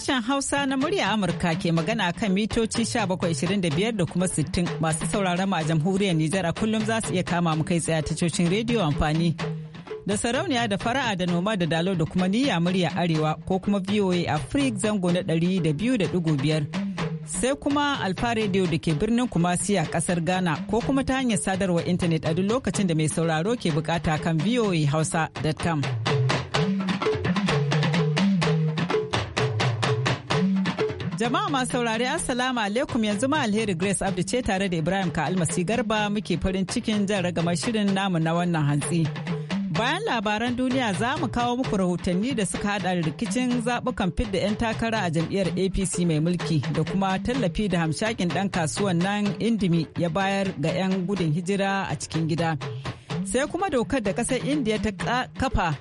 Sashen Hausa na murya Amurka ke magana kan mitoci 1725 da kuma 60 masu sauraron a jamhuriyar Nijar a kullum za su iya kama mu kai tsaye cocin rediyo amfani da sarauniya da fara'a da noma da dalo da kuma niyya murya arewa ko kuma VOA Africa zango na ɗari da da biyu biyar sai kuma alfa rediyo da ke birnin kumasi a kasar ghana ko kuma ta hanyar sadarwa intanet a duk lokacin da mai sauraro ke bukata kan voahausa.com Jama'a masu saurari Assalamu alaikum yanzu ma alheri Grace Abdu ce tare da Ibrahim ka almasi garba muke farin cikin jan ragamar shirin namu na wannan hantsi. Bayan labaran duniya za mu kawo muku rahotanni da suka hada da rikicin zabukan fidda 'yan takara a jam'iyyar APC mai mulki da kuma tallafi da hamshakin ɗan kasuwan nan Indimi ya bayar ga 'yan gudun hijira a cikin gida. Sai kuma dokar da ƙasar Indiya ta kafa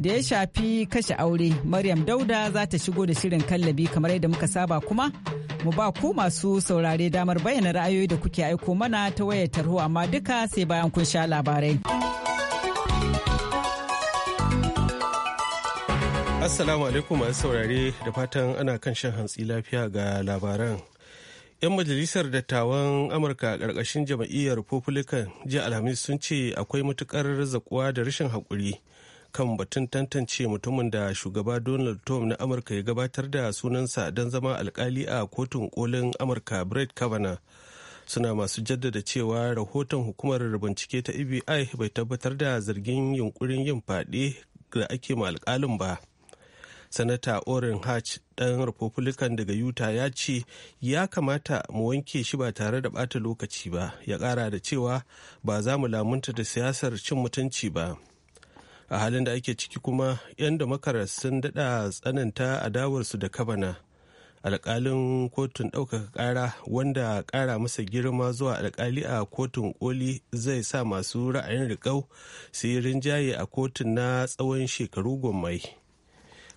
da ya shafi kashe aure maryam dauda za ta shigo da shirin kallabi kamar yadda muka saba kuma mu ba ku masu saurare damar bayyana ra'ayoyi da kuke aiko mana ta wayar tarho amma duka sai bayan kun sha labarai assalamu alaikum masu saurare da fatan ana kan shan hantsi lafiya ga labaran 'yan majalisar dattawan amurka a ƙarƙashin jam'iyyar republican jiya alhamis sun ce akwai matukar zakuwa da rashin haƙuri kan batun tantance mutumin da shugaba donald trump na amurka ya gabatar da sunansa don zama alkali a kotun kolin amurka brett kavanaugh suna masu jaddada cewa rahoton hukumar bincike ta ebi bai tabbatar da zargin yunkurin yin fade da ake ma alkalin ba sanata oren hatch ɗan republican daga utah ya ce ya kamata mu wanke shi ba tare da bata lokaci ba ya ƙara da cewa ba za mu lamunta da siyasar cin mutunci ba a halin da ake ciki kuma 'yan damakarar sun dada tsananta adawarsu da kabana alkalin kotun ɗaukaka ƙara wanda ƙara masa girma zuwa alkali a kotun koli zai sa masu ra'ayin riƙau su yi rinjaye a kotun na tsawon shekaru gwammai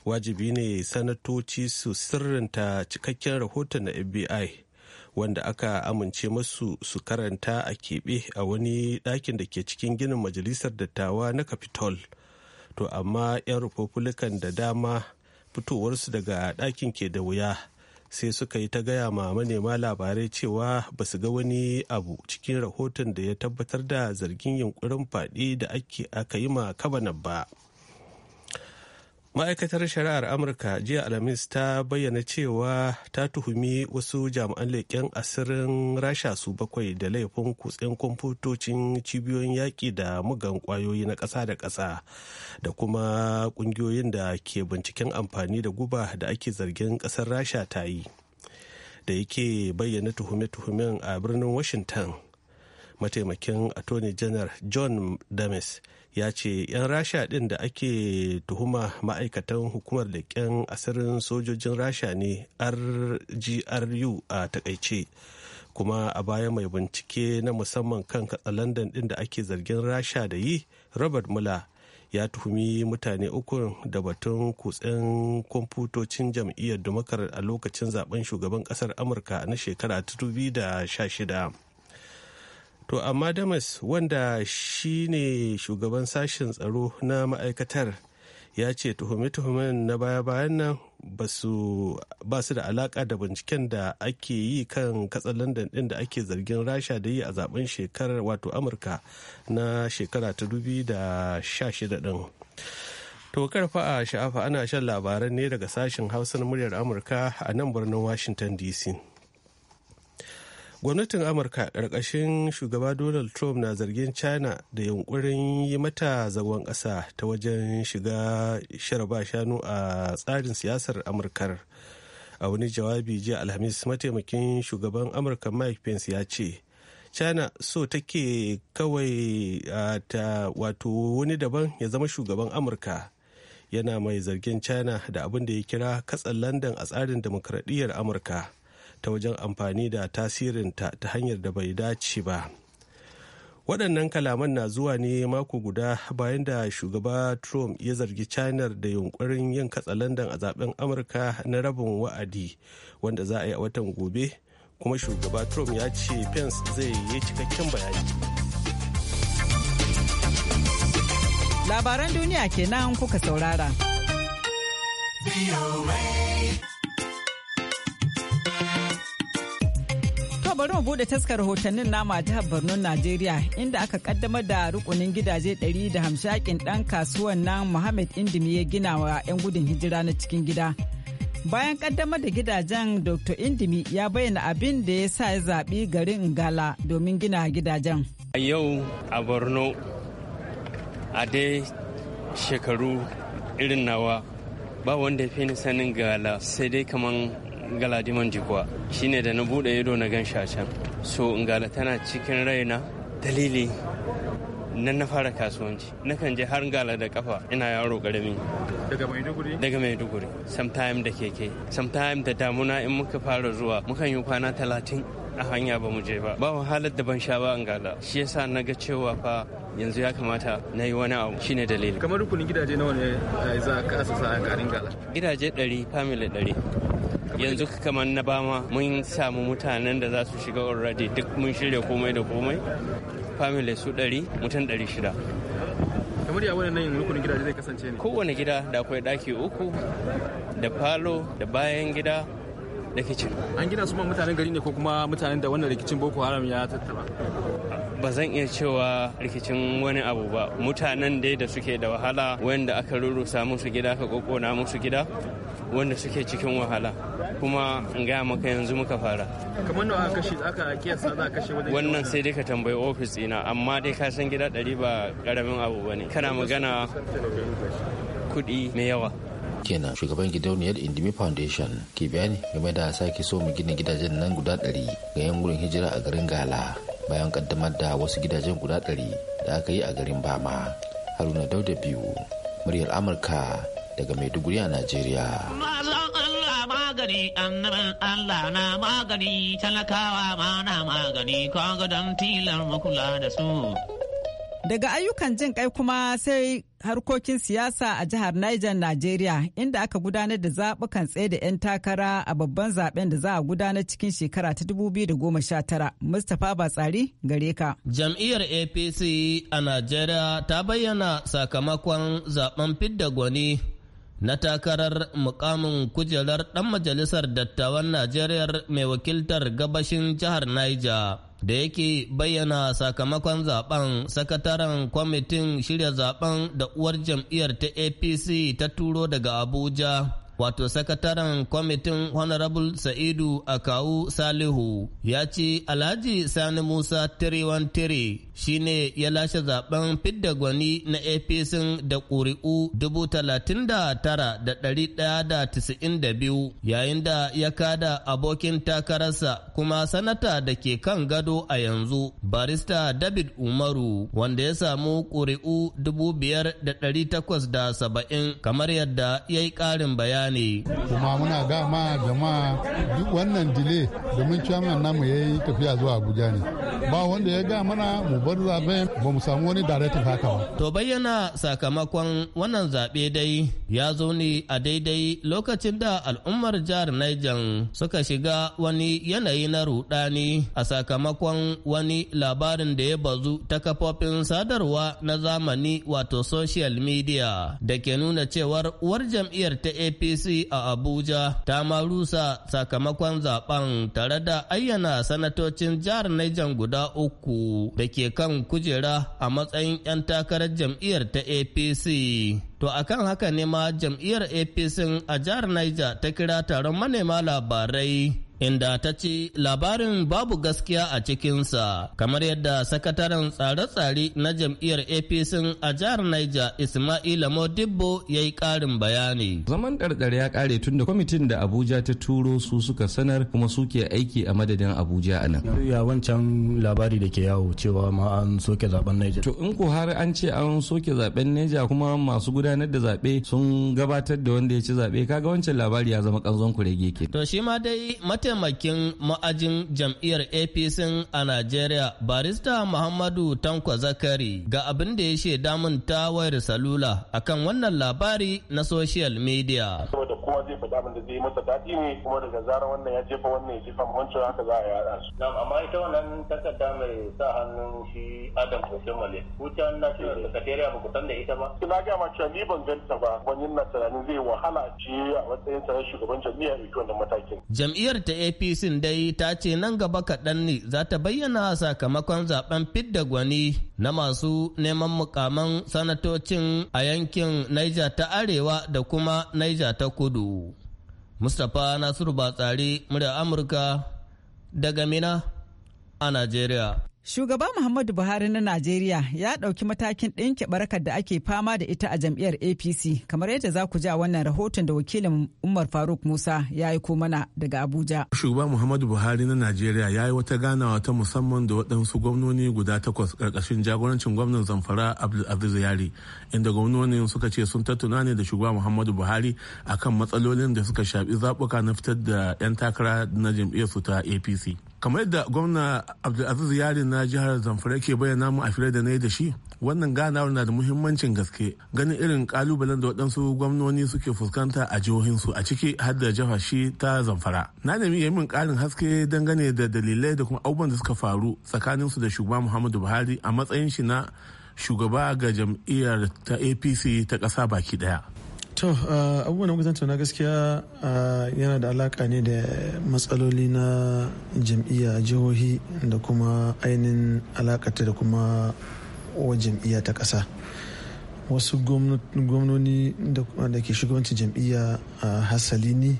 wajibi ne sanatoci su sirrinta cikakken rahoton na fbi wanda aka amince masu su karanta a keɓe a wani ɗakin da ke cikin ginin majalisar dattawa na capitol to amma 'yan republican da dama fitowarsu daga ɗakin ke da wuya sai suka yi ta gaya ma manema labarai cewa ba su ga wani abu cikin rahoton da ya tabbatar da zargin yunkurin faɗi da aka yi ma kabanan ba. ma'aikatar shari'ar amurka jiya alhamis ta bayyana cewa ta tuhumi wasu jami'an leƙen asirin rasha su bakwai da laifin kutsen kwamfutocin cibiyoyin yaƙi da mugan ƙwayoyi na ƙasa da ƙasa da kuma ƙungiyoyin da ke binciken amfani da guba da ake zargin ƙasar rasha ta yi da yake bayyana tuhume-tuhumen a birnin washington mataimakin attorney general john damis ya ce 'yan rasha ɗin da ake tuhuma ma'aikatan hukumar leƙen asirin sojojin rasha ne rgru a takaice kuma a baya mai bincike na musamman kan katsalandan ɗin da ake zargin rasha da yi robert muller ya tuhumi mutane uku da batun kutsen kwamfutocin jam'iyyar dumakar a lokacin zaben shugaban kasar amurka na shekara 2016 to amma damas wanda shi ne shugaban sashen tsaro na ma'aikatar ya ce tuhume-tuhumen na baya-bayan nan ba su da alaka da binciken da ake yi kan katsar london din da ake zargin rasha da yi a zaben shekarar wato amurka na shekara ta 2016 din to karfa a sha'afa ana shan labaran ne daga sashen hausa muryar amurka a nan birnin washington dc gwamnatin amurka ƙarƙashin shugaba donald trump na zargin china da yunkurin yi mata zagon ƙasa ta wajen shiga sharaba shanu a tsarin siyasar amurkar a wani jawabi jiya alhamis mataimakin shugaban amurka mike pence ya ce china so take kawai ta wato wani daban ya zama shugaban amurka yana mai zargin china da abin da ya kira katsan landan a tsarin demokradiyyar amurka ta wajen amfani da tasirinta ta hanyar da bai dace ba waɗannan kalaman na zuwa ne mako guda bayan da shugaba trump ya zargi china da yunkurin yin katsalandan a zaben amurka na rabin wa'adi wanda za a yi a watan gobe kuma shugaba trump ya ce pence zai yi cikakken bayani labaran duniya kenan kuka saurara. bari mu bude taskar hotannin nama a jihar Borno Najeriya inda aka kaddamar da rukunin gidaje 150 yakin dan kasuwan nan Muhammad Indimi ya gina wa 'yan gudun hijira na cikin gida. Bayan kaddamar da gidajen Dr. Indimi ya bayyana abin da ya sa ya zaɓi garin gala domin gina gidajen. A yau a Borno a dai shekaru irin nawa ba wanda ya fi sanin gala sai dai kaman Jikuwa kuwa shine da na bude ido na gan a can so ingala tana cikin raina dalili nan na fara kasuwanci nakan je har gala da kafa ina yaro karami daga maiduguri daga maiduguri sometime da keke sometime da damuna in muka fara zuwa mukan yi kwana talatin a hanya ba mu je ba ba wahalar da ban sha ba an gala shi yasa na ga cewa fa yanzu ya kamata na yi wani abu shine dalili kamar rukunin gidaje nawa ne eh, za ka asasa a garin gala gidaje 100 family yanzu kamar na bama mun samu mutanen da za su shiga already duk mun shirya komai da komai family su ɗari mutum ɗari shida kamar nan yin rukunin gidaje zai kasance ne kowane gida da akwai ɗaki uku da falo da bayan gida da kicin an gina su ma mutanen gari ne ko kuma mutanen da wannan rikicin boko haram ya tattaba ba zan iya cewa rikicin wani abu ba mutanen dai da suke da wahala wanda aka rurrusa musu gida ka kokona musu gida wanda suke cikin wahala kuma in gaya maka yanzu muka fara kamar nawa kashe aka kiyasa za a kashe wannan sai dai ka tambayi ofis ina amma dai ka san gida ɗari ba karamin abu bane kana magana kuɗi mai yawa kenan shugaban gidauniyar indimi foundation ke bayani game da sake so mu gina gidajen nan guda ɗari, ga yan wurin hijira a garin gala bayan kaddamar da wasu gidajen guda ɗari da aka yi a garin bama haruna dauda biyu muryar amurka daga maiduguri a najeriya magani annabin Allah na magani talakawa ma na magani kwa don tilar makula da su Daga ayyukan jin kai kuma sai harkokin siyasa a jihar Niger, Najeriya, inda aka gudanar da zaɓukan tsaye da 'yan takara a babban zaben da za a gudanar cikin shekara ta 2019. Mustapha Batsari gare ka. Jam'iyyar APC a Najeriya ta bayyana sakamakon zaben fidda gwani na takarar mukamin kujerar ɗan majalisar dattawan Najeriya mai wakiltar gabashin jihar Niger. da yake bayyana sakamakon zaben sakataren kwamitin shirya zaben da uwar jam'iyyar ta apc ta turo daga abuja wato sakataren kwamitin honorable sa'idu akawu salihu ya ce alhaji sani musa tire shine ya lashe zaben fidda gwani na apc da ƙuri'u 39,192 yayin da ya kada abokin takararsa kuma sanata da ke kan gado a yanzu barista david umaru wanda ya samu ƙuri'u 5,870 kamar yadda ya yi ƙarin bayani ne kuma muna ga ma jama'a duk wannan dile domin chairman namu ya yi tafiya zuwa abuja ne ba wanda ya ga mana mu bar zaben ba mu samu wani directive haka ba to bayyana sakamakon wannan zabe dai ya zo ne a daidai lokacin da al'ummar jihar Niger suka shiga wani yanayi na rudani a sakamakon wani labarin da ya bazu ta kafofin sadarwa na zamani wato social media da ke nuna cewar uwar jam'iyyar ta APC apc a abuja ta marusa sakamakon zaben tare da ayyana sanatocin jihar Niger guda uku da ke kan kujera a matsayin 'yan takarar jam'iyyar ta apc To a kan haka ne ma jam'iyyar APC a jihar Niger ta kira taron manema labarai inda ta ce labarin babu gaskiya a cikinsa kamar yadda sakataren tsare-tsare na jam'iyyar apc a jihar niger ismaila modibbo ya yi karin bayani zaman ɗarɗar ya ƙare tun da kwamitin da abuja ta turo su suka sanar kuma suke aiki a madadin abuja a nan ya wancan labari da ke yawo cewa ma an soke zaben niger to in ko har an ce an soke zaben niger kuma masu gudanar da zaɓe sun gabatar da wanda ya ci zaɓe kaga wancan labari ya zama kanzon kurege ke to ma dai mata mataimakin ma'ajin jam'iyyar apc a najeriya barista muhammadu tanko zakari ga abin da ya shaida min ta wayar salula akan wannan labari na social media saboda kowa zai faɗa abin da zai masa daɗi ne kuma daga zarar wannan ya jefa wannan ya jefa wancan haka za a yaɗa su amma ita wannan takarda mai sa hannun shi adam hoton male wutan da secretariat ba ku san da ita ba na ga ma cewa ni ban ganta ba wani na tunanin zai wahala ce a matsayin sa shugaban jam'iyyar ita wannan matakin jam'iyyar ta ta apc dai ta ce nan gaba kaɗan ne za ta bayyana sakamakon zaben fidda gwani na masu neman mukaman sanatocin a yankin niger ta arewa da kuma niger ta kudu mustapha nasiru batsari murya amurka daga mina a Najeriya. Shugaba Muhammadu Buhari na Najeriya ya ɗauki matakin ɗinke barakar da ake fama da ita a jam'iyyar APC kamar yadda za ku a wannan rahoton da wakilin Umar Faruk Musa ya yi mana daga Abuja. Shugaba Muhammadu Buhari na Najeriya ya yi wata ganawa ta musamman da waɗansu gwamnoni guda takwas ƙarƙashin jagorancin gwamnan Zamfara abdul aziz Yari inda gwamnonin suka ce sun tattuna ne da shugaba Muhammadu Buhari akan matsalolin da suka shafi zaɓuka na fitar da 'yan takara na jam'iyyarsu ta APC. kamar yadda gwamna abdulaziz yari na jihar zamfara ke bayyana mu a fira da na da shi wannan ganawar na da muhimmancin gaske ganin irin kalubalen da waɗansu gwamnoni suke fuskanta a jihohinsu a ciki har da jihar shi ta zamfara na nemi yi min ƙarin haske dangane da dalilai da kuma abubuwan da suka faru tsakanin su da shugaban muhammadu buhari a matsayin shi na shugaba ga jam'iyyar ta apc ta ƙasa baki ɗaya to uh, abubuwan da muka na gaskiya uh, yana da alaka ne da matsaloli na jam'iyya jihohi da kuma ainihin alakata da kuma wa jam'iyya ta ƙasa wasu gwamnoni da ke shugabancin jam'iyya a uh, hasalini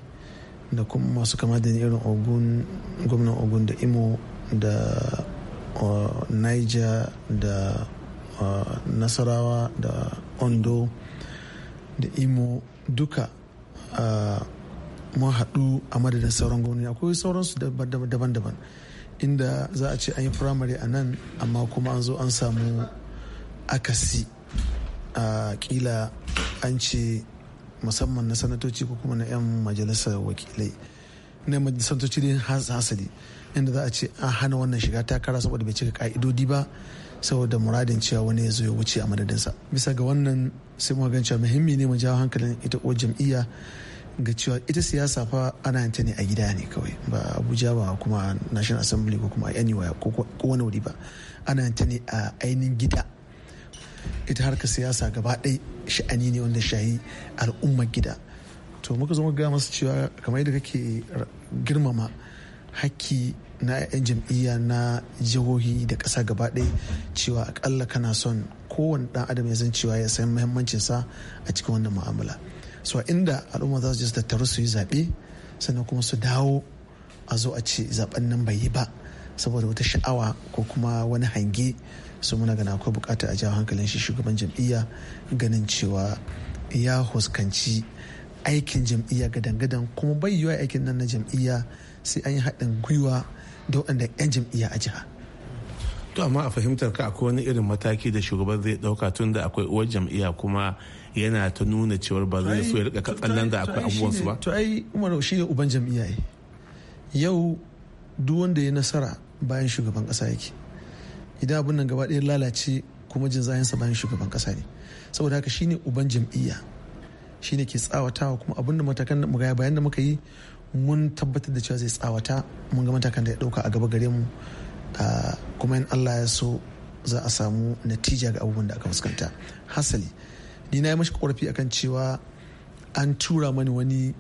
da kuma masu kama da irin ogun gwamnan ogun da imo da niger da nasarawa da ondo da imo duka mun haɗu a madadin sauran gwamnati akwai sauransu daban-daban inda za a ce an yi firamare a nan amma kuma an zo an samu akasi a kila an ce musamman na sanatoci ko kuma na 'yan majalisar wakilai na majalisar sanatoci ne hasali inda za a ce an hana wannan shiga takara saboda bai cika ka'idodi ba saboda muradin cewa wani ya zo ya wuce a madadinsa bisa ga wannan sai mu gan cewa muhimmi ne mu jawo hankalin ita ko jam'iyya ga cewa ita siyasa fa ana yin ta ne a gida ne kawai ba abuja ba kuma national assembly ko kuma anywhere ko wani wuri ba ana yin ta ne a ainihin gida ita harkar siyasa gaba ɗaya sha'ani ne wanda shayi al'ummar gida to muka zo ga masu cewa kamar yadda kake girmama hakki na 'yan jam'iyya na jihohi da ƙasa gaba ɗaya cewa akalla kana son kowane dan adam ya san cewa ya san muhimmancinsa a cikin wannan mu'amala so inda al'umma za su je su tattaru su yi zaɓe sannan kuma su dawo a zo a ce zaɓen nan bai yi ba saboda wata sha'awa ko kuma wani hange su muna gana akwai bukata a jawo hankalin shi shugaban jam'iyya ganin cewa ya huskanci aikin jam'iyya gadan-gadan kuma bai yiwa aikin nan na jam'iyya sai an yi haɗin gwiwa da waɗanda 'yan jam'iyya a jiha to amma a fahimtar ka akwai wani irin mataki da shugaban zai ɗauka tun da akwai uwar jam'iyya kuma yana ta nuna cewar ba zai so ya rika katsallan da akwai su ba to ai umaru shi ne uban jam'iyya yau duk wanda ya nasara bayan shugaban kasa yake idan abin nan gaba ɗaya lalace kuma jin zayensa bayan shugaban kasa ne saboda haka shine uban jam'iyya shine ke tsawatawa kuma abinda matakan bayan da muka yi mun tabbatar da cewa zai tsawata mun ga matakan da ya dauka a gaba gare mu kuma in allah ya so za a samu natija ga abubuwan da aka fuskanta hasali ni na yi mashi korafi akan cewa an tura mani wani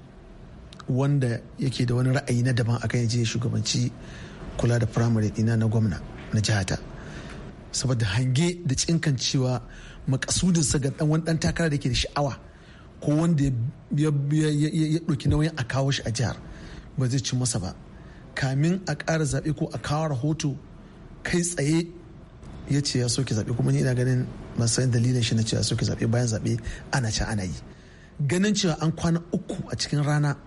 wanda yake da wani ra'ayi na daban akan ya je shugabanci kula da firamare ina na gwamna na jihata saboda hange da cinkan cewa makasudinsa ga dan wani dan takara da ke da sha'awa ko wanda ya ɗauki nauyin a kawo shi a jihar ba zai ci masa ba kamin a ƙara zaɓe ko a kawo rahoto kai tsaye ya ce ya soke zaɓe kuma ni ina ganin masu dalilin shi na ce ya soke zaɓe bayan zaɓe ana ci ana yi ganin cewa an kwana uku a cikin rana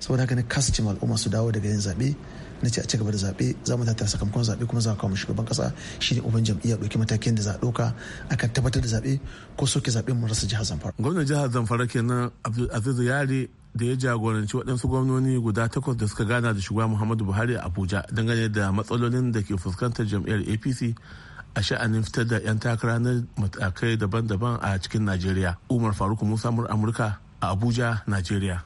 saboda ganin kasu kasance al'umma su dawo daga yin zaɓe na ce a cigaba da zaɓe za mu tattara sakamakon zaɓe kuma za kawo shugaban ƙasa shi ne uban jam'iyyar ɗauki matakin da za a ɗauka kan tabbatar da zaɓe ko soke zaɓe mu rasa jihar zamfara. gwamnan jihar zamfara kenan aziz yare da ya jagoranci waɗansu gwamnoni guda takwas da suka gana da shugaba muhammadu buhari a abuja dangane da matsalolin da ke fuskantar jam'iyyar apc a sha'anin fitar da 'yan takara na matakai daban-daban a cikin najeriya umar faruk musa amurka a abuja najeriya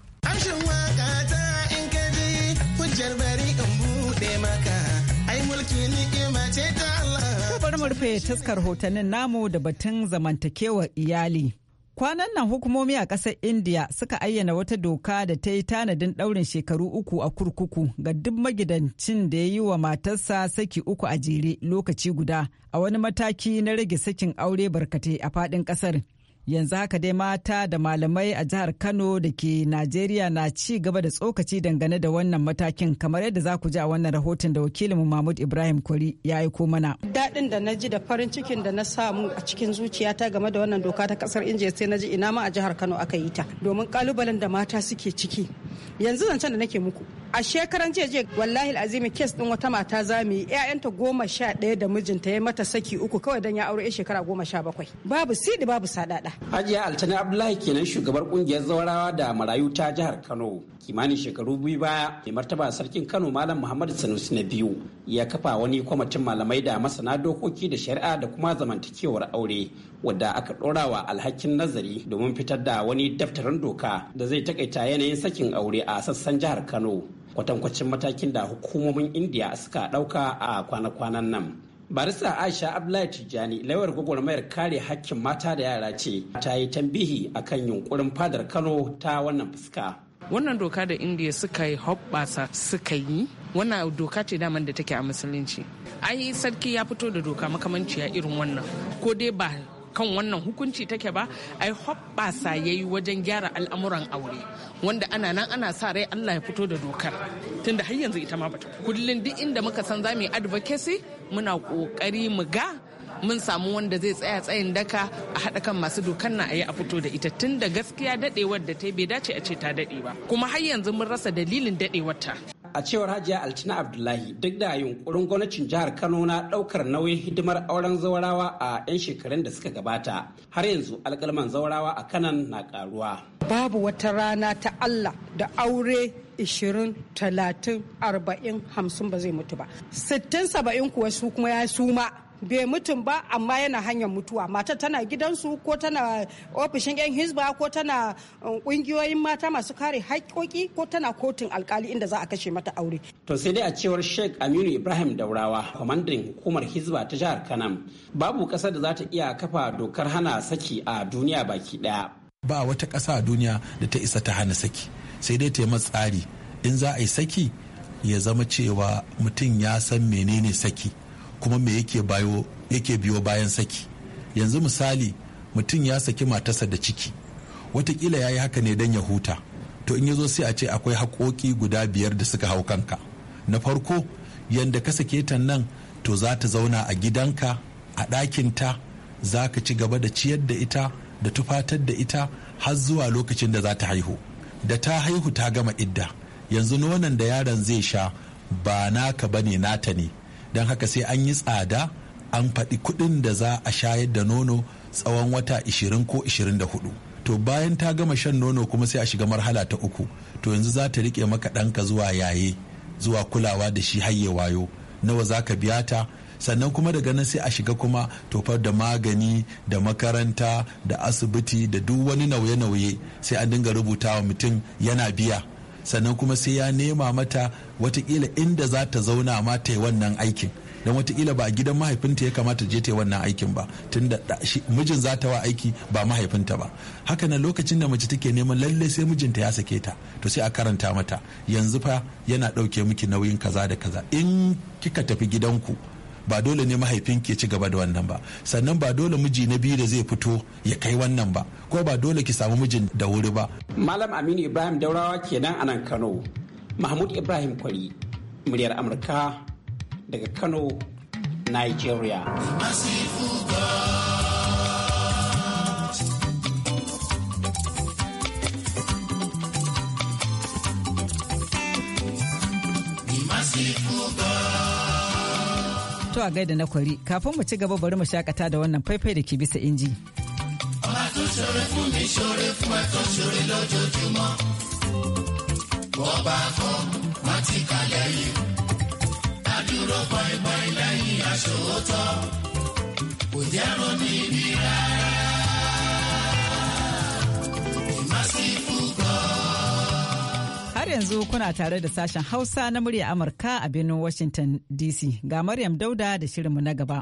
bari mu rufe taskar hotonin namu da batun zamantakewar iyali. Kwanan nan hukumomi a ƙasar India suka ayyana wata doka da ta yi tanadin ɗaurin shekaru uku a kurkuku ga duk magidancin da ya yi wa matarsa saki uku a jere lokaci guda a wani mataki na rage sakin aure barkatai a faɗin ƙasar. yanzu haka dai mata da malamai a jihar kano da ke najeriya na ci gaba da tsokaci dangane da wannan matakin kamar yadda za ku ji a wannan rahoton da wakilinmu mahmud ibrahim kwari ya aiko mana daɗin da na ji da farin cikin da na samu a cikin zuciyata game da wannan doka ta kasar injiya sai na ji ina ma a jihar kano aka yi ta domin kalubalen da mata suke ciki yanzu zancen da nake muku a shekaran jiya wallahi azimi kes din wata mata za mu yi 'ya'yanta goma sha ɗaya da mijinta ya mata saki uku kawai don ya aure shekara goma sha bakwai babu sidi babu sadada Hajiya Altani Abdullahi kenan shugabar kungiyar zawarawa da marayu ta jihar Kano. Kimanin shekaru biyu baya mai martaba sarkin Kano Malam Muhammad Sanusi na biyu ya kafa wani kwamitin malamai da masana dokoki da shari'a da kuma zamantakewar aure wadda aka ɗora wa alhakin nazari domin fitar da wani daftarin doka da zai takaita yanayin sakin aure a sassan jihar Kano. Kwatankwacin matakin da hukumomin Indiya suka ɗauka a kwana-kwanan nan. barista aisha abdullahi tijjani lawar gwagwarmayar kare hakkin mata da yara ce ta yi tambihi kan yunkurin fadar kano ta wannan fuska wannan doka da indiya suka yi hoɓɓasa suka yi wannan doka ce daman da take a musulunci ai sarki ya fito da doka makamanciya irin wannan ko dai ba kan wannan hukunci take ba ai hoɓɓasa ya yi wajen gyara al'amuran aure wanda ana nan ana sa rai Allah ya fito da dokar tunda har yanzu ita ma bata Kullum duk inda muka san za mu yi advocacy muna kokari mu ga mun samu wanda zai tsaya tsayin daka a haɗa kan masu dokar na a yi a fito da ita tun da gaskiya daɗewar da ta bai dace a ce ta daɗe ba kuma har yanzu mun rasa dalilin daɗewar ta a cewar hajiya altina abdullahi duk da yunkurin gwamnatin jihar kano na daukar nauyin hidimar auren zaurawa a 'yan shekarun da suka gabata har yanzu alkalman zaurawa a kanan na karuwa babu wata rana ta allah da aure 20 30 40 50 ba zai mutu ba 60 70 kuwa su kuma ya suma bai mutum ba amma yana hanyar mutuwa matar tana gidansu ko tana ofishin yan hisba ko tana kungiyoyin uh, mata masu kare haƙƙoƙi ko tana kotun alkali inda za a kashe mata aure. to sai dai a cewar sheikh aminu ibrahim daurawa kwamandan hukumar hisba ta jihar kanam babu ƙasar da za ta iya kafa dokar hana saki a duniya baki ɗaya. ba wata ƙasa a duniya da ta isa ta hana saki sai dai ta yi tsari in za a yi saki ya zama cewa mutum ya san menene saki kuma me yake bayo yake biyo bayan saki yanzu misali mutum ya saki matarsa da ciki watakila ya yi haka ne don ya huta to in ya zo sai a ce akwai haƙoƙi guda biyar da suka hau kanka na farko yanda ka sake ta nan to za ta zauna a gidanka a ɗakinta za ka ci gaba da ciyar da ita da tufatar da ita har zuwa lokacin da za ta haihu da ta haihu ta gama idda yanzu nonon da yaron zai sha ba naka bane nata ne don haka sai an yi tsada an faɗi kuɗin da za a shayar da nono tsawon wata 20 ko 24 to bayan ta gama shan nono kuma sai a shiga marhala ta uku to yanzu za ta riƙe maka ɗanka zuwa yaye zuwa kulawa da shi hayye wayo nawa za ka biya ta sannan kuma daga nan sai a shiga kuma tofar da magani da makaranta da asibiti da duk wani nauye-nauye sai an dinga rubuta wa mutum yana biya sannan kuma sai ya nema mata watakila inda za ta zauna ma ta yi wannan aikin don watakila ba gidan mahaifinta ya kamata je ta yi wannan aikin ba tunda mijin za ta wa aiki ba mahaifinta ba haka nan lokacin da mace take neman lalle sai mijinta ya sake ta to sai a karanta mata yanzu fa yana ɗauke miki nauyin kaza da kaza in kika tafi gidanku ba dole ne mahaifin ke ci gaba da wannan ba sannan ba dole miji na biyu da zai fito ya kai wannan ba ko ba dole ki samu mijin da wuri ba malam aminu ibrahim daurawa kenan a nan kano mahmud ibrahim kwari muryar amurka daga kano nigeria zuwa a gaida na kwari kafin mu ci gaba bari mu shakata da wannan faifai da ke bisa inji. Ọba tó ṣoore mi lẹ́yìn aṣòótọ́. yanzu kuna tare da sashen Hausa na murya Amurka a birnin Washington DC. Ga Maryam Dauda da shirinmu na gaba.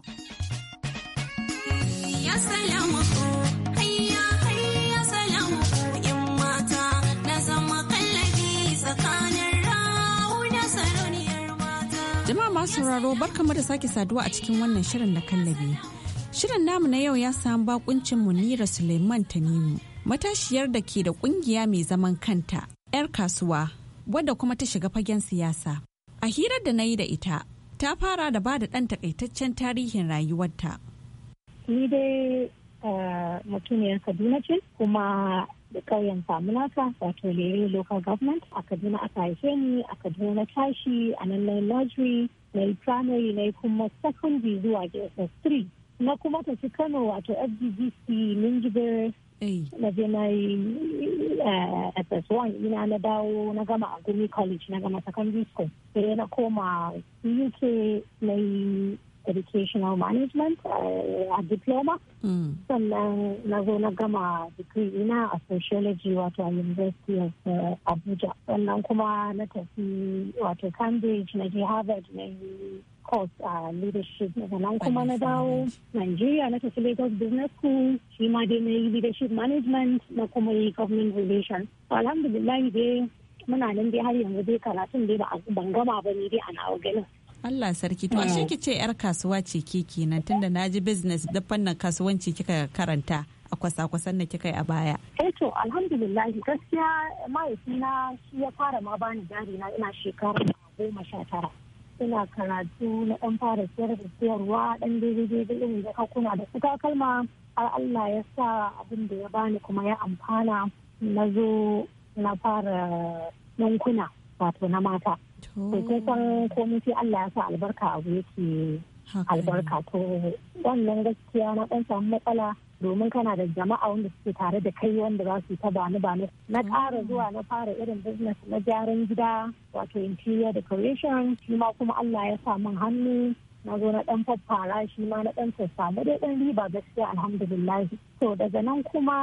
Jama'a masu sauraro barkamu da sake saduwa a cikin wannan shirin na kallabi. Shirin namu na yau ya samu bakuncin Munira Suleiman Tanimu, matashiyar da ke da kungiya mai zaman kanta, 'yar kasuwa wadda kuma ta shiga fagen siyasa. A hirar da na yi da ita, ta fara da ba da ɗan takaitaccen tarihin rayuwarta. Ni dai mutumiyar Kaduna ce kuma da ƙauyen Samunaka wato Lere Local Government a Kaduna a haife ni a Kaduna na tashi a nan na Lajiri na yi primary na yi kuma secondary zuwa JSS 3 na kuma tafi Kano wato FGGC Minjibir na je na yi eh, ss1 ina na dawo na gama a gumi college na gama secondary school sai na koma uk na yi educational management eh, a diploma mm. sannan na zo na gama degree ina a sociology wato a university of eh, abuja sannan kuma na tafi wato cambridge na je harvard na yi course a leadership nan kuma na dawo Nigeria na tafi Lagos Business School shi ma dai na yi leadership management na kuma yi government relations to alhamdulillah dai muna nan dai har yanzu dai karatun dai ban gama ba ne dai a nawa ganin Allah sarki to ashe hmm. ki ce yar kasuwa ce ke kenan tunda naji business da fannin kasuwanci kika karanta a kwasa-kwasan da kika yi a baya. Eh to alhamdulillah gaskiya mahaifina shi ya fara ma bani jari na ina shekara goma sha tara. suna karatu na ɗan fara siyar da siyarwa ɗan daidai da irin da kakuna da su kalma har Allah ya sa abin da ya bani kuma ya amfana na zo na fara yankuna wato na mata. To kun san komai sai Allah ya sa albarka abu yake albarka to wannan gaskiya na ɗan samu matsala domin kana da jama'a wanda suke tare da kai wanda za su ta bani bani na mm. ƙara zuwa na fara irin business na gyaran gida wato interior decoration shi ma kuma Allah ya sa min hannu na zo na dan fara shi ma na dan sassamu dai dan riba gaskiya alhamdulillah to daga nan kuma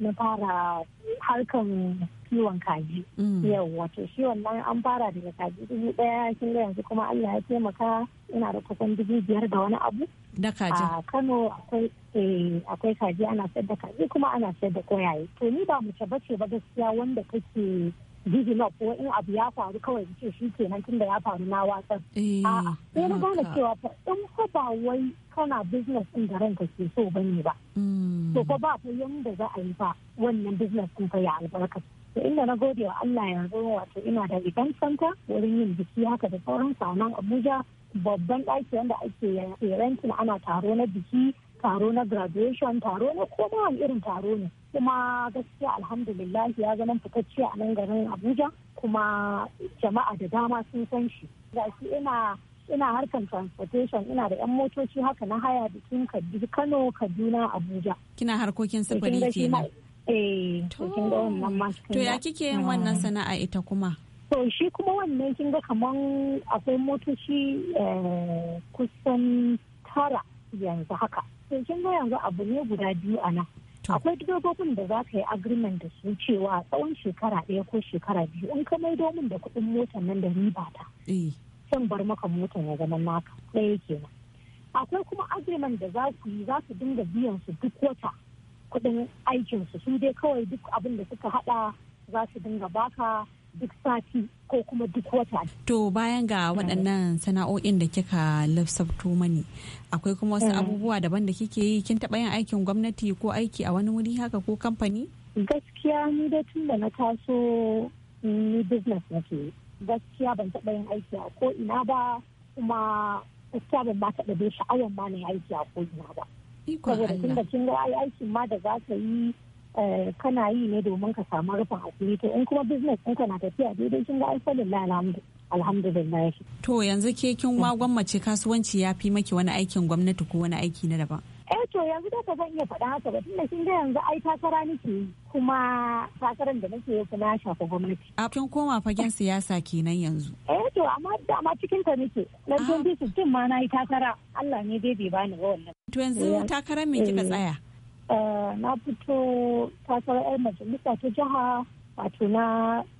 na fara harkan kiwon kaji mm. yau wato shi wannan an fara daga kaji dubu daya kin ga yanzu kuma Allah ya taimaka ina da kusan dubu biyar da wani abu da kaji a Kano eh, akwai kaji ana sayar da kaji kuma ana sayar da koyaye to ni ba mace bace ba gaskiya wanda kake gigin up ko in abu ya faru kawai ce shi kenan da ya faru na watsar. Eh, A'a sai na gane cewa fa in ko ba wai kana business din da ranka ke so bane ba. Hmm. To ko ba fa da za a yi ba wannan business din ka ya albarka. To inda na gode wa Allah yanzu wato ina da event center wurin yin biki haka da sauran sanan Abuja babban ɗaki wanda ake rentin ana taro na biki taro na graduation taro na koma irin taro ne. kuma gaskiya alhamdulillah ya zama fitacce a nan garin abuja kuma jama'a da dama sun san shi ga shi ina ina harkar transportation ina da yan motoci haka na haya bikin kano kaduna abuja kina harkokin sufuri kenan eh to ya kike yin wannan mm. sana'a ita kuma to shi kuma wannan kin ga kaman akwai motoci eh, kusan tara yanzu haka to kin ga yanzu abu ne guda biyu a nan akwai dogogin da za ka yi agreement da su cewa tsawon shekara ɗaya ko shekara biyu in ka maido min da kuɗin motar nan da riba ta eh. zan bar maka motar ya zama naka ɗaya kenan akwai kuma agreement da za ku yi za su dinga biyan su duk wata kuɗin aikin su su dai kawai duk abin da suka haɗa za su dinga baka duk sati ko kuma duk wata. To bayan ga waɗannan sana'o'in da kika lasabto mani akwai kuma wasu eh. abubuwa daban da kike yi kin taɓa yin aikin gwamnati ko aiki a wani wuri haka ko kamfani? Gaskiya ni da tun da na taso ni business nake gaskiya ban taɓa yin aiki a ko ina ba kuma gaskiya ban ma taɓa bai sha'awar ma na aiki a ko ina ba. Saboda tun da kin ga aikin ma da za ka yi Eh, kana yi ne domin ka samu rufin asiri to in kuma business ɗinka na tafiya daidai kin ga alhamdulillah alhamdulillah to yanzu ke kin wagon mace kasuwanci ya fi maki wani aikin gwamnati ko wani aiki na daban eh to yanzu da ka zan iya faɗa haka ba tunda kin ga yanzu ai takara nake kuma takaran da nake yi kuma ya shafa gwamnati a kin koma fagen siyasa kenan yanzu eh to amma dama cikin ta nake na 2016 ah. ma na yi takara Allah ne dai bai bani ba wannan to yanzu eh, takarar me kika eh. tsaya Eh, na fito takarar 'yar majalisa ta jiha wato na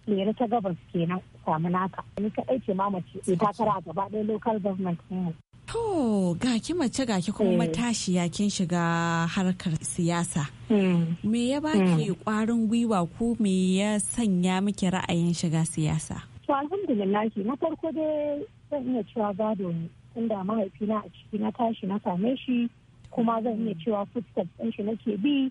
lera ta gabas kenan samu naka ni kaɗai ce ma mace ke takara a gaba ɗaya local government mu. To ga ki mace ga ki kuma eh. matashiya kin shiga harkar siyasa. Hmm. Me ya baki kwarin hmm. gwiwa ko me ya sanya miki ra'ayin shiga siyasa? To alhamdulillah na farko dai zan iya cewa gado ne tunda mahaifina a ciki na tashi na same shi kuma zan iya cewa footstep ɗin shi nake bi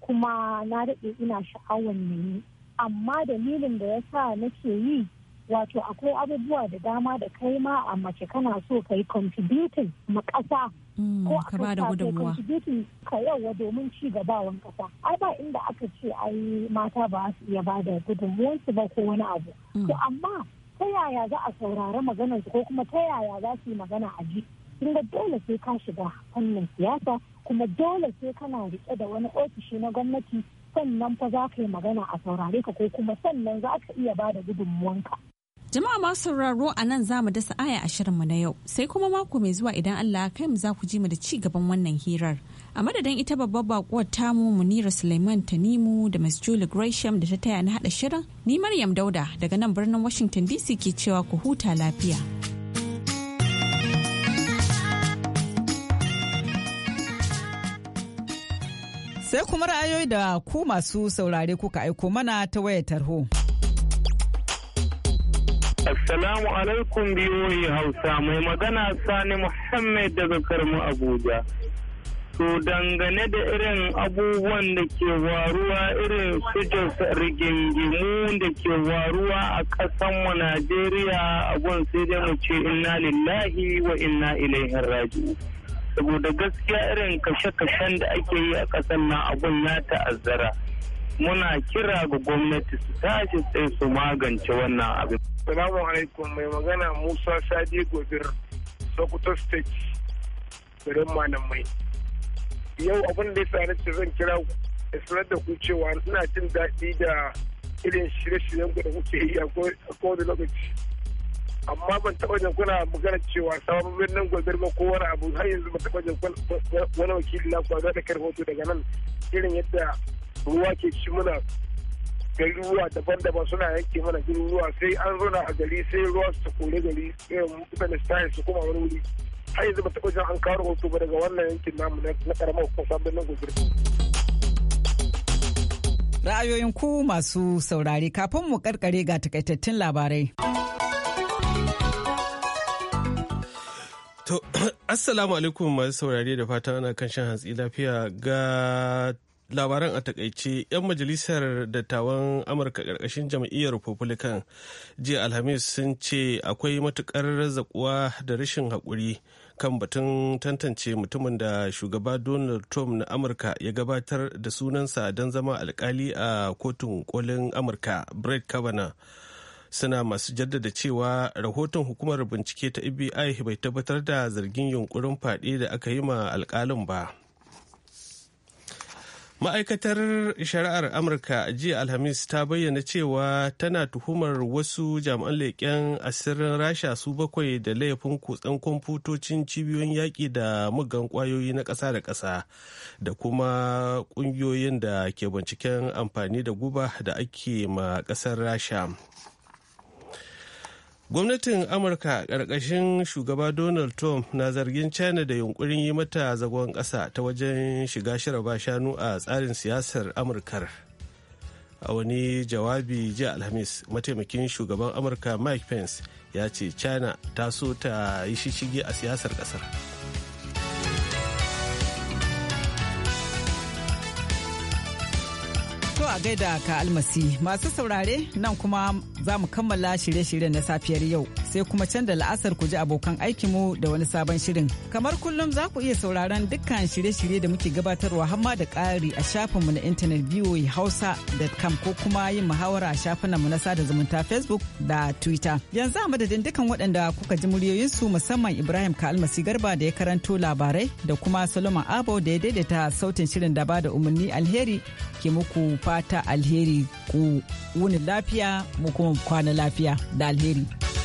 kuma na daɗe ina sha'awar ne amma dalilin da ya sa nake yi wato akwai abubuwa da dama da kai ma a mace kana so ka yi contributing ma ƙasa mm, ko a ka contributing ka yawa domin ci gabawan ƙasa ai ba inda aka ce ai mata ba su iya ba da gudunmuwansu ba ko wani abu mm. to amma ta yaya za a saurari maganar ko kuma ta yaya za su yi magana a ji kin ga dole sai ka shiga fannin siyasa kuma dole sai kana rike da wani ofishi na gwamnati sannan fa za ka yi magana a saurare ka ko kuma sannan za ka iya ba da gudunmuwanka. Jama'a masu sauraro a nan za mu dasa aya ashirin mu na yau sai kuma mako mai zuwa idan Allah kai mu za ku ji mu da ci gaban wannan hirar. A madadin ita babbar bakuwar tamu Munira Suleiman Tanimu da ms Julie Gresham da ta taya na haɗa shirin, ni Maryam Dauda daga nan birnin Washington DC ke cewa ku huta lafiya. Sai kuma ra'ayoyi da ku masu saurare kuka aiko mana ta wayar tarho. Assalamu alaikum biyoyi Hausa mai magana Sani Muhammad daga Karmu Abuja. To dangane da irin abubuwan da ke waruwa irin su rigingimu da ke waruwa a ƙasanmu Najeriya a sai dai mu ce inna lillahi wa inna ilaihin raji'u. saboda gaskiya irin kashe-kashen da ake yi a ƙasar na abun ya ta'azzara muna kira ga gwamnati su tashi sai su magance wannan abin. Salamu alaikum mai magana Musa Sadi Gobir Sokoto State garin mai Yau abin da ya sa nace zan kira da sanar da ku cewa ina jin daɗi da irin shirye-shiryen da kuke yi a kowane lokaci. amma ban taɓa jankuna kuna magana cewa sabon birnin gobe ba ko wani abu har yanzu ba taɓa jankuna wani wakili na kwazo da hoto daga nan irin yadda ruwa ke ci muna ruwa daban-daban suna yanke mana gari ruwa sai an zauna a gari sai ruwa su kore gari mutane su su kuma wani wuri har yanzu ba taɓa jin an kawo hoto ba daga wannan yankin namu na karamar kuma sabon birnin gobe. Ra'ayoyin ku masu saurare kafin mu karkare ga takaitattun labarai. To, Assalamu alaikum masu saurari da fatan ana kan shan hantsi lafiya ga labaran a takaice 'yan majalisar dattawan amurka karkashin jam'iyyar republican jiya alhamis sun ce akwai matukar zakuwa da rashin haƙuri kan batun tantance mutumin da shugaba donald trump na amurka ya gabatar da sunansa don zama alkali a kotun kolin amurka brett kavanaugh suna masu jaddada cewa rahoton hukumar bincike ta FBI bai tabbatar da zargin yunkurin fadi da aka yi ma alkalin ba. Ma'aikatar shari'ar Amurka jiya Alhamis ta bayyana cewa tana tuhumar wasu jami'an leƙen asirin Rasha su bakwai da laifin kutsen kwamfutocin cibiyoyin yaƙi da mugan ƙwayoyi na ƙasa da ƙasa da kuma ƙungiyoyin da ke binciken amfani da guba da ake ma ƙasar Rasha. Gwamnatin Amurka ƙarƙashin shugaba Donald Trump na zargin China da yunkurin yi mata zagon ƙasa ta wajen shiga shiraba shanu a tsarin siyasar Amurkar. A wani jawabi jiya Alhamis, mataimakin shugaban Amurka Mike Pence ya ce China ta so ta yi shishigi a siyasar ƙasar. To a gaida ka almasi masu saurare nan kuma za mu kammala shirye-shiryen na safiyar yau sai kuma can da la'asar ku ji abokan aikinmu da wani sabon shirin. Kamar kullum za ku iya sauraron dukkan shirye-shirye da muke gabatarwa hamma da ƙari a shafinmu na intanet hausa.com ko kuma yin muhawara a shafinanmu na sada zumunta Facebook da Twitter. Yanzu a madadin dukkan waɗanda kuka ji muryoyinsu musamman Ibrahim Kalmasi Garba da ya karanto labarai da kuma Solomon Abo da ya daidaita sautin shirin da ba da umarni alheri ke muku fata alheri ku wuni lafiya mu kuma kwana lafiya da alheri.